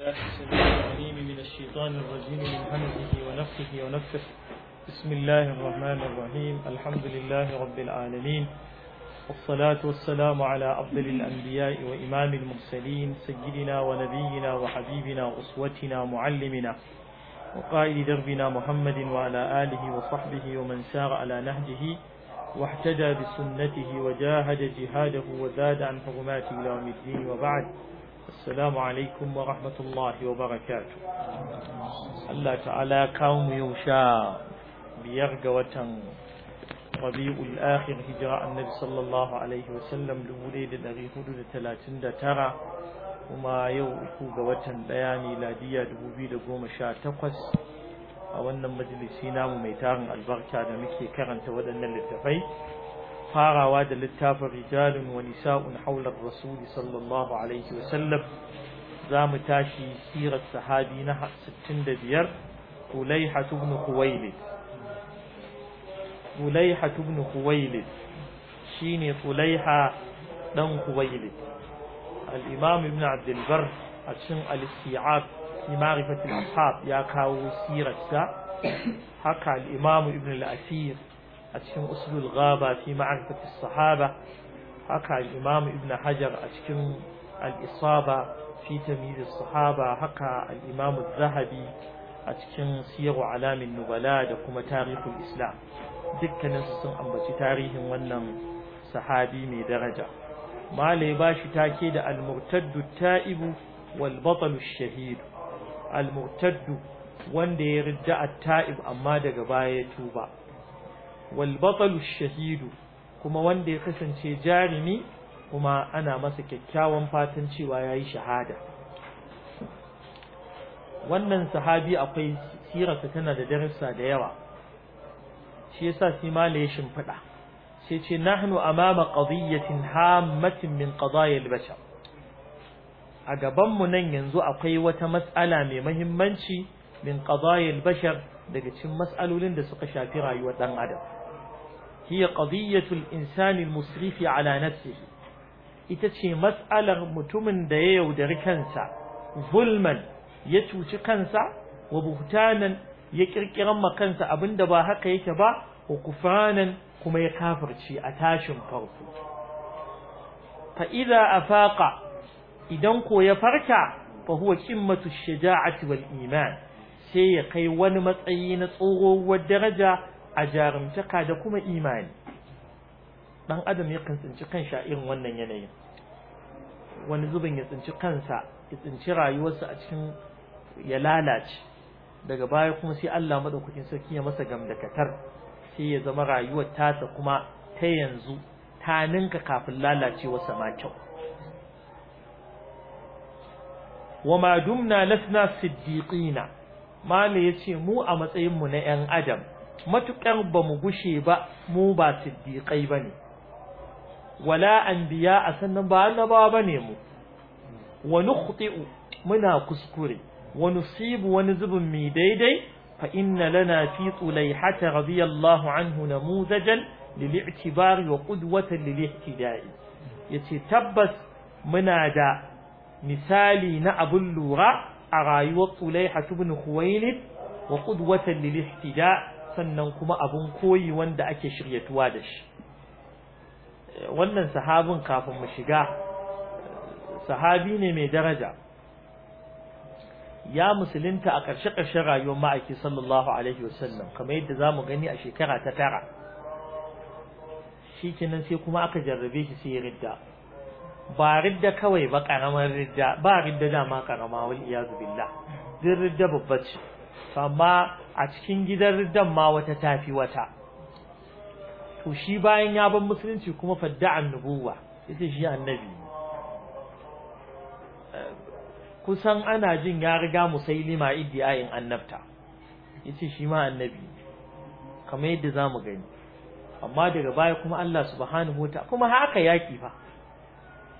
الله السميع العليم من الشيطان الرجيم من همزه ونفخه ونفخه بسم الله الرحمن الرحيم الحمد لله رب العالمين والصلاة والسلام على أفضل الأنبياء وإمام المرسلين سيدنا ونبينا وحبيبنا وأسوتنا معلمنا وقائد دربنا محمد وعلى آله وصحبه ومن سار على نهجه واحتجى بسنته وجاهد جهاده وزاد عن حرمات إلى يوم الدين وبعد السلام عليكم ورحمة الله وبركاته الله تعالى كوم يوشا بيرق وتن ربيع الآخر هجراء النبي صلى الله عليه وسلم لوليد الأغي حدود ثلاثين ترى وما يوكو وتن بياني لادية دبوبي لقوم شا تقص أولا مجلسينا مميتان البركة دمكي كرن تودن للتفاي farawa da littafin rijalin wa nisa'un haular rasuli sallallahu alaihi wa za mu tashi sirar sahabi na 65 Kulaiha ibn Khuwailid Kulaiha ibn shi ne Kulaiha dan Khuwailid al-Imam Ibn Abd a cikin al-Isti'ab fi ma'rifat al-ashab ya kawo sirarsa haka al Ibn al a cikin usulul ghaba fi ma'rifati sahaba haka al'imam imam ibn hajar a cikin al-isaba fi tamyiz sahaba haka al-imam az-zahabi a cikin siyaru alamin nubala da kuma tarihul islam dukkanin su sun ambaci tarihin wannan sahabi mai daraja malai ba shi take da al-murtaddu ta'ibu wal batalu shahid al-murtaddu wanda ya ridda at-ta'ib amma daga baya ya tuba walbatalu shahidu kuma wanda ya kasance jarimi kuma ana masa kyakkyawan fatan cewa ya yi shahada wannan sahabi akwai sirarsa tana da darussa da yawa shi yasa sai mala ya shimfiɗa sai ce nahnu amama qadiyyatin hammatin min qadaya bashar a gaban mu nan yanzu akwai wata matsala mai muhimmanci min ƙazayel bashar daga cikin matsalolin da suka shafi rayuwar ɗan adam hiya qadiyatul insani al-musrifi ala nafsihi ita ce mas'alar mutumin da ya yaudari kansa zulman ya cuci kansa wa buhtanan ya kirkiran ma kansa abinda ba haka yake ba wa kufranan kuma ya kafirci a tashin farko fa idza afaqa idan ko ya farka fa huwa qimmatu shaja'ati wal iman sai ya kai wani matsayi na tsohuwar daraja a jarumtaka da kuma imani ɗan adam ya tsinci kansa irin wannan yanayin wani zubin ya tsinci kansa ya tsinci rayuwarsa a cikin ya lalace daga baya kuma sai Allah madaukakin sarki ya masa gamdakatar sai ya zama rayuwar tasa kuma ta yanzu ta ninka kafin lalacewarsa ma kyau wama dumna lasna siddiqina mala yace mu a matsayin mu na yan adam matuƙar ba mu gushe ba mu ba siddiqai bane wala anbiya a sannan ba annabawa bane mu wa muna kuskure wani sibu wani zubin mai daidai fa inna lana fi tulaihata radiyallahu anhu namuzajan lil'tibari wa qudwatan lil'tidai yace tabbas muna da misali na abun lura a rayuwar tsulaiha ibn khuwailid wa qudwatan lil'ihtida sannan kuma abun koyi wanda ake shiryatuwa da shi wannan sahabin kafin mu shiga sahabi ne mai daraja ya musulunta a ƙarshe-ƙarshen rayuwar ma'aiki sallallahu alaihi wasallam kamar yadda za mu gani a shekara ta tara shi kenan sai kuma aka jarrabe shi sai ridda ba ridda kawai ba ƙaramar ridda ba ridda dama ƙarama wal iyazu billah din ridda babba ce amma a cikin gidan riddan ma wata tafi wata to shi bayan ya bar musulunci kuma fadda nubuwa yace shi annabi eh, kusan ana jin ya riga musailima iddiyayin annabta yace shi ma annabi kamar yadda zamu gani amma daga baya kuma Allah subhanahu wata kuma haka yaki fa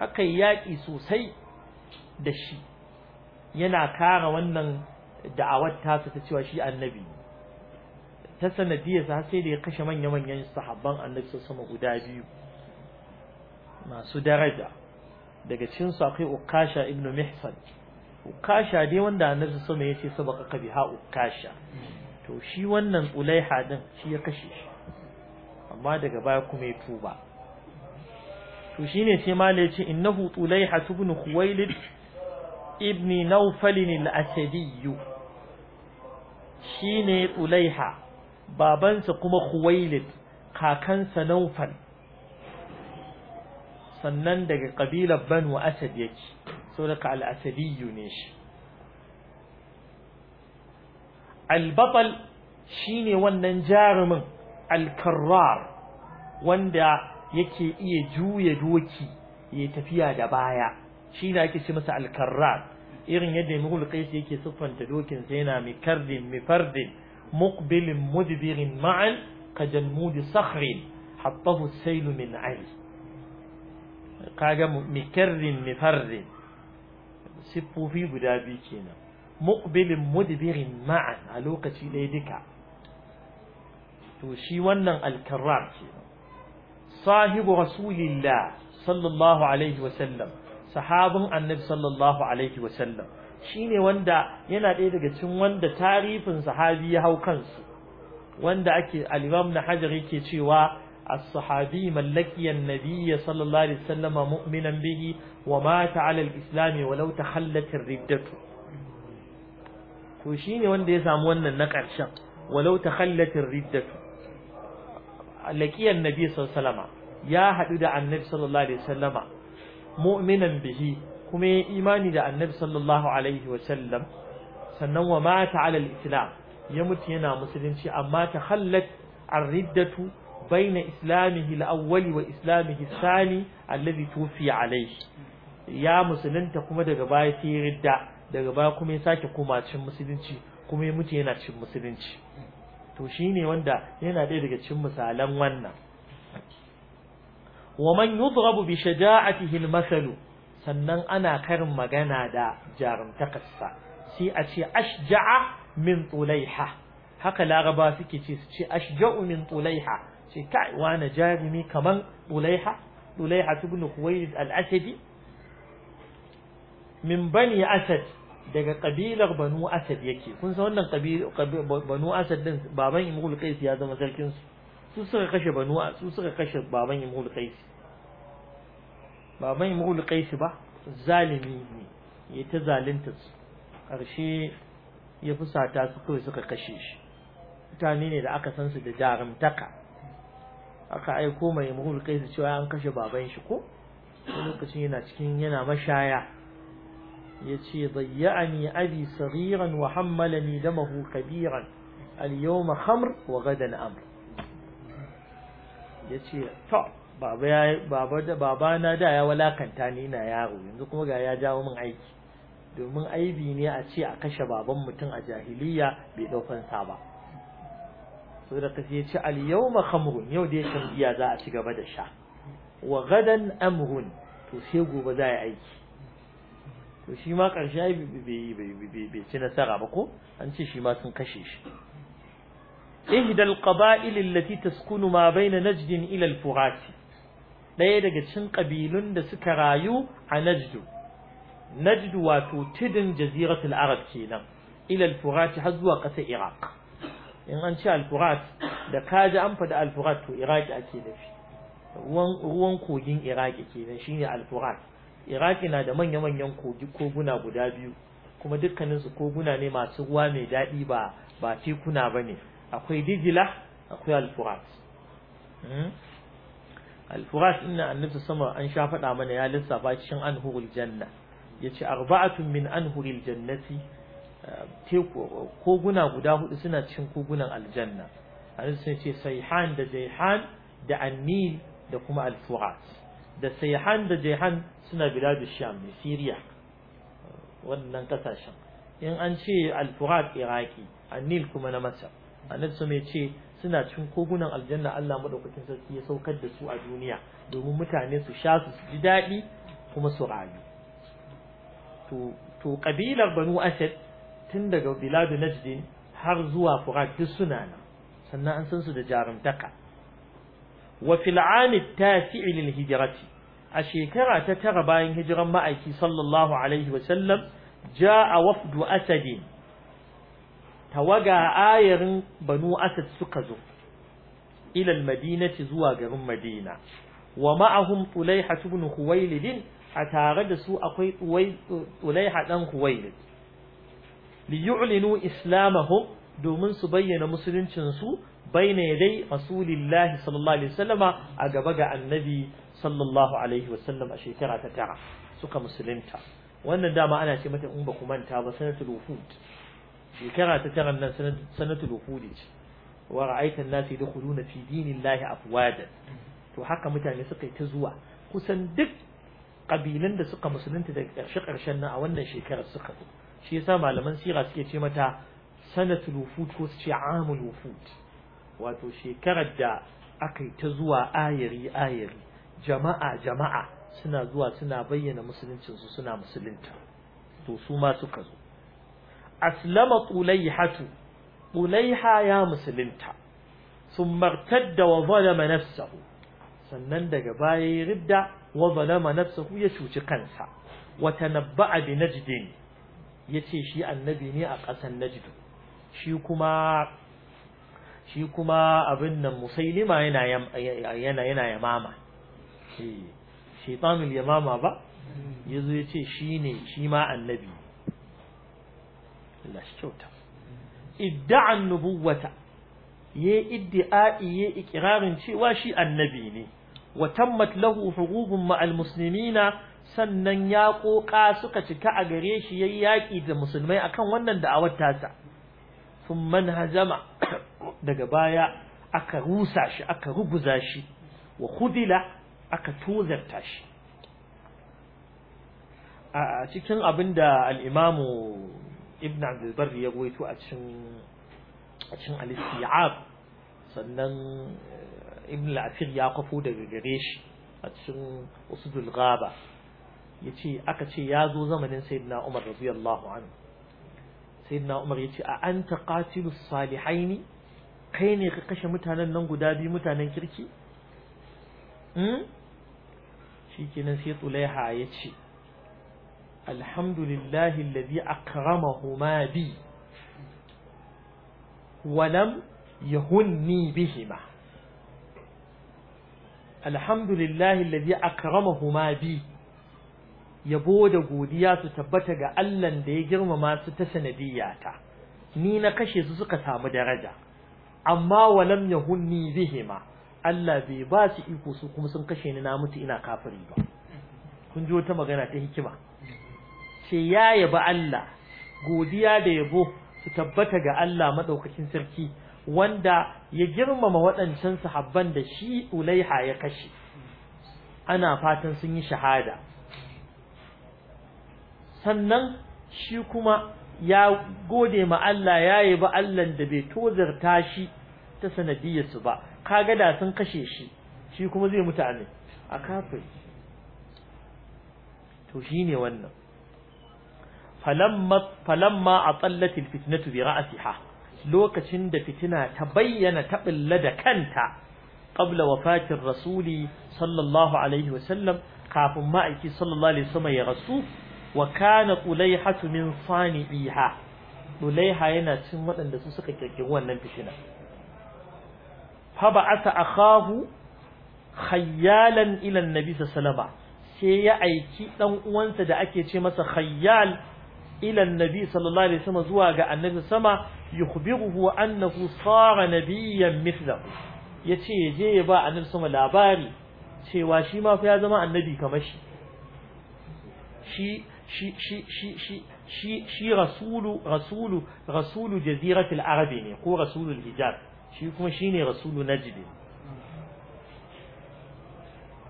haka yaki sosai da shi yana kara wannan da'awar ta ta cewa shi annabi ta sanadiyar sa sai da ya kashe manya-manyan sahabban annabi sama guda biyu masu daraja daga cikin su akwai Ukasha Ibnu Mihsan Ukasha dai wanda annabi ya yace sabaka ka ha Ukasha to shi wannan Ulaiha din shi ya kashe shi amma daga baya kuma ya tuba to shine sai malai yace innahu Ulaiha ibn Khuwailid ibni naufalin al asadiyyu shine Ulaiha babansa kuma Khuwailid kakansa Naufal sannan daga ƙabilar Banu Asad yake so daga al-Asadiyyu ne shi al shine wannan jarumin al wanda yake iya juya doki ya tafiya da baya shi ne ake ce masa al irin yadda imrul qais yake siffanta dokin sa yana mikardin mifardin muqbilin mudbirin ma'an mudi sakhrin hattahu sailu min ayn kaga mi mikarrin mifardin siffofi guda biyu kenan muqbilin mudbirin ma'an a lokaci ɗaya duka to shi wannan alkarrar kenan sahibu rasulillah sallallahu alaihi wa sallam sahabin annabi sallallahu alaihi wasallam shine wanda yana ɗaya daga cikin wanda tarifin sahabi ya hau kansu wanda ake al-Imam Hajar yake cewa as-sahabi mallaki an-nabiy sallallahu alaihi wasallam mu'minan bihi wa mata 'ala al-islam walau takhallat ar-riddatu to shine wanda ya samu wannan na ƙarshen walau takhallat ar-riddatu laqiya an-nabiy sallallahu alaihi wasallam ya haɗu da annabi sallallahu alaihi wasallama mu'minan bihi kuma ya imani da annabi sallallahu alaihi wa sallam sannan wa mata ala al-islam ya mutu yana musulunci amma ta hallat ar-riddatu baina islamihi al-awwali wa islamihi al-thani alladhi tufi alayhi ya musulunta kuma daga baya sai ridda daga baya kuma ya sake koma cin musulunci kuma ya mutu yana cin musulunci to shine wanda yana ɗaya daga cin misalan wannan wa man yudrabu bi shaja'atihi al-masal sannan ana karin magana da jarumtakarsa sai a ce ashja'a min tulaiha haka laraba suke ce su ce ashja'u min tulaiha ce kai wani jarumi kaman tulaiha tulaiha ibn khuwaylid al-asadi min bani asad daga kabilar banu asad yake kun san wannan banu asad din baban imrul qais ya zama sarkin su su suka kashe banu su suka kashe baban imrul qais ba mai mulu ba zalimi ne ya ta zalunta su Karshe ya fusata su kawai suka kashe shi mutane ne da aka san su da jarumtaka aka aiko mai mulu cewa an kashe baban shi ko lokacin yana cikin yana mashaya ya ce zayya'ani abi sagiran wa hammalani damahu kabiran al yawma khamr wa gadan amr ya ce to baba ya baba da baba na da ya walakanta ni na yaro yanzu kuma ga ya jawo min aiki domin aibi ne a ce a kashe baban mutum a jahiliya bai daukan sa ba so da kace ce al yawma khamrun yau da shan giya za a ci gaba da sha wa gadan amrun to sai gobe za a yi aiki to shi ma karshe bai ci nasara ba ko an ce shi ma sun kashe shi ihdal qaba'il allati taskunu ma bayna najdin ila al-furati ɗaya daga cin ƙabilun da suka rayu a Najdu Najdu wato tudun jaziratul Arab kenan ila al-Furat har zuwa ƙasar Iraq in an ce al-Furat da kaji an faɗi al-Furat to Iraq ake nufi ruwan kogin Iraq kenan shine al-Furat Iraq na da manya-manyan kogi koguna guda biyu kuma dukkanin su koguna ne masu ruwa mai daɗi ba ba tekuna bane akwai Dijila akwai al-Furat hmm? al-furash inna annabi sama an sha faɗa mana ya lissafa cikin anhurul janna yace arba'atun min anhuril jannati eh, koguna guda hudu suna cikin kogunan aljanna annabi sun ce sayhan da jayhan da annil da kuma al-furat da sayhan da jayhan suna biladu sham ne syria eh, wannan kasashen in an ce al-furat iraki annil kuma na masar annabi sun ce suna cin kogunan aljanna Allah madaukakin sarki ya saukar da su a duniya domin mutane su sha su ji daɗi kuma su rayu to to kabilar Banu Asad tun daga biladu Najd har zuwa Furat duk suna nan sannan an san su da jarumtaka wa fil aami tasi'i lil hijrati a shekara ta tara bayan hijiran ma'aiki sallallahu alaihi wa sallam ja'a wafdu asadin tawaga ayarin banu asad suka zo ilal madinati zuwa garin madina wa ma'ahum tulaiha ibn huwailid a tare da su akwai tulaiha dan huwailid li yu'linu islamahum domin su bayyana musuluncin su baina yadai rasulillahi sallallahu alaihi wasallama a gaba ga annabi sallallahu alaihi wasallam a shekara ta tara suka musulunta wannan dama ana ce mata in ba ku manta ba sanatul wufud shekara ta tara nan sanatul wuqudi ce wa ra'aita an-nas fi dinillahi afwaja to haka mutane suka yi ta zuwa kusan duk kabilan da suka musulunta daga karshe ƙarshen nan a wannan shekarar suka zo shi yasa malaman sira suke ce mata sanatul wufud ko su ce amul wufud wato shekarar da aka yi ta zuwa ayari ayari jama'a jama'a suna zuwa suna bayyana musuluncinsu suna musulunta to su ma suka zo aslama tulaihatu tulaiha ya musulunta sun ثم ارتد وظلم نفسه sannan daga baya ya ridda wa zalama nafsahu ya cuci kansa Wata tanabba'a bi najdin ce shi annabi ne a ƙasan najd shi kuma shi kuma abin nan musailima yana yana yana yamama shi eh, shaytanul yamama ba ya ce shi ne shi ma annabi Allah shi nubuwata ya iddi'a'i ikirarin cewa shi annabi ne wa tammat lahu huququn ma'al sannan ya koka suka cika a gare shi yayi yaki da musulmai akan wannan da'awar tasa Sun manhajama daga baya aka rusa shi aka ruguza shi wa khudila aka tozarta shi a cikin abinda al'imamu. ibn abdulbar ya goyito a cikin a cikin al-isti'ab sannan eh, ibn al-afir ya kafo daga gare shi a cikin usdul ghaba yace aka ce ya zo zamanin sayyidina umar radiyallahu anhu sayyidina umar yace a anta qatilus salihaini kai ne ka kashe mutanen nan guda biyu mutanen kirki hmm shikenan sai tsulaiha yace alhamdulillahi alladhi akramahuma bi walam yahunni bihima alhamdulillahi alladhi akramahuma bi yabo da godiya su tabbata ga Allahn da ya girmama su ta sanadiyata ni na kashe su suka samu daraja amma walam yahunni bihima Allah bai ba su iko su kuma sun kashe ni na mutu ina kafiri ba kun ji wata magana ta hikima ce ya yabi Allah godiya da yabo su tabbata ga Allah madaukakin sarki wanda ya girmama waɗancan sahabban da shi Ulaiha ya kashe ana fatan sun yi shahada sannan shi kuma ya gode ma Allah ya yabi Allah da bai tozarta shi ta sanadiyarsu ba kaga da sun kashe shi shi kuma zai mutane a kafin to shine wannan falamma a tsallatin fitnatu bi ra'asiha lokacin da fitina ta bayyana ta da kanta qabla wafatin rasuli sallallahu alaihi wasallam kafin ma'aiki sallallahu alaihi wasallam ya rasu wa kana qulaihatu min sani'iha qulaiha yana cin waɗanda su suka kirkiri wannan fitina fa a akhahu khayyalan ilan annabi sallallahu alaihi wasallam sai ya aiki ɗan uwansa da ake ce masa khayyal ila annabi sallallahu alaihi wasallam zuwa ga annabi sama yukhbiruhu annahu tsara nabiyyan mithlahu ya yaje ya ya je ba annabi sama labari cewa shi ma fa ya zama annabi kamar shi shi shi shi shi shi shi shi rasulu rasulu rasulu jaziratul arabi ne ko rasulul hijaz shi kuma shine rasulu najd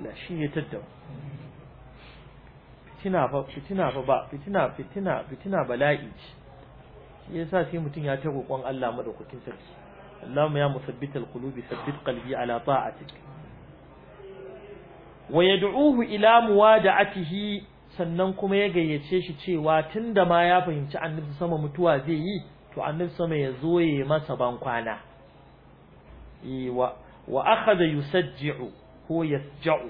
la shi ya taddawa fitina fa fitina fa ba fitina fitina fitina bala'i shi yasa sai mutum ya ta roƙon Allah madaukakin sarki Allahumma ya musabbit alqulubi sabbit qalbi ala ta'atik wa yad'uhu ila muwada'atihi sannan kuma ya gayyace shi cewa tunda ma ya fahimci annabi sama mutuwa zai yi to annabi sama ya zo ya masa bankwana? E, wa wa akhadha yusajji'u ko yasja'u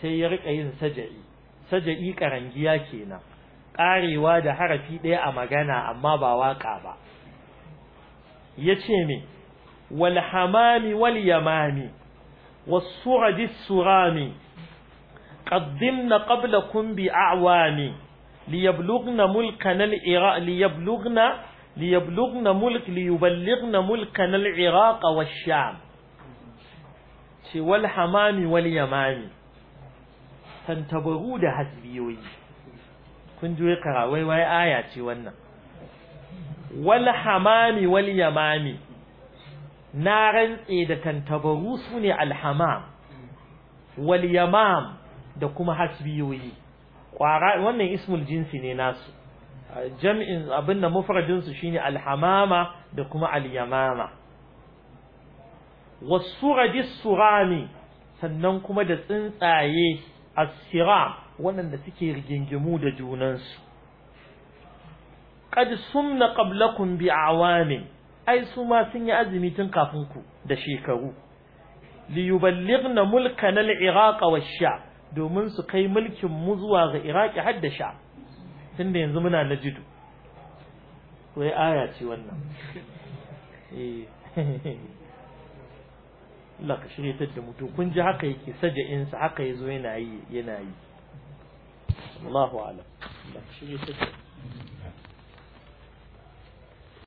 sai ya rika yin sajai saja'i karangiya kenan karewa da harafi ɗaya a magana amma ba waka ba yace me wal hamami wal yamami was su'adi surami qaddimna qablakum bi a'wami ليبلغن ملكنا العراق ليبلغن ليبلغن ملك ليبلغن ci العراق والشام والحمام واليمام tantabaru da hasbiyoyi kun juye karawai wai aya ce wannan wal hamami wal yamami na rantse da tantabaru sune al walyamam wal yamam da kuma hasbiyoyi kwara wannan ismul jinsi ne nasu jam'in abin da mufradin su shine alhamama da kuma alyamama yamama wasurajis surami sannan kuma da tsuntsaye asira sira waɗanda suke rigingimu da junansu qad sumna qablakum bi awamin ai su ma sun yi azumi tun kafin ku da shekaru li yuballighna mulkana al-iraq sha domin su kai mulkin mu zuwa ga Iraƙi har da sha tunda yanzu muna najidu wai aya ce wannan eh. Allah ka shirye ta da mutum kun ji haka yake saja'in sa haka yazo yana yi yana yi Allahu a'lam Allah ka shirye ta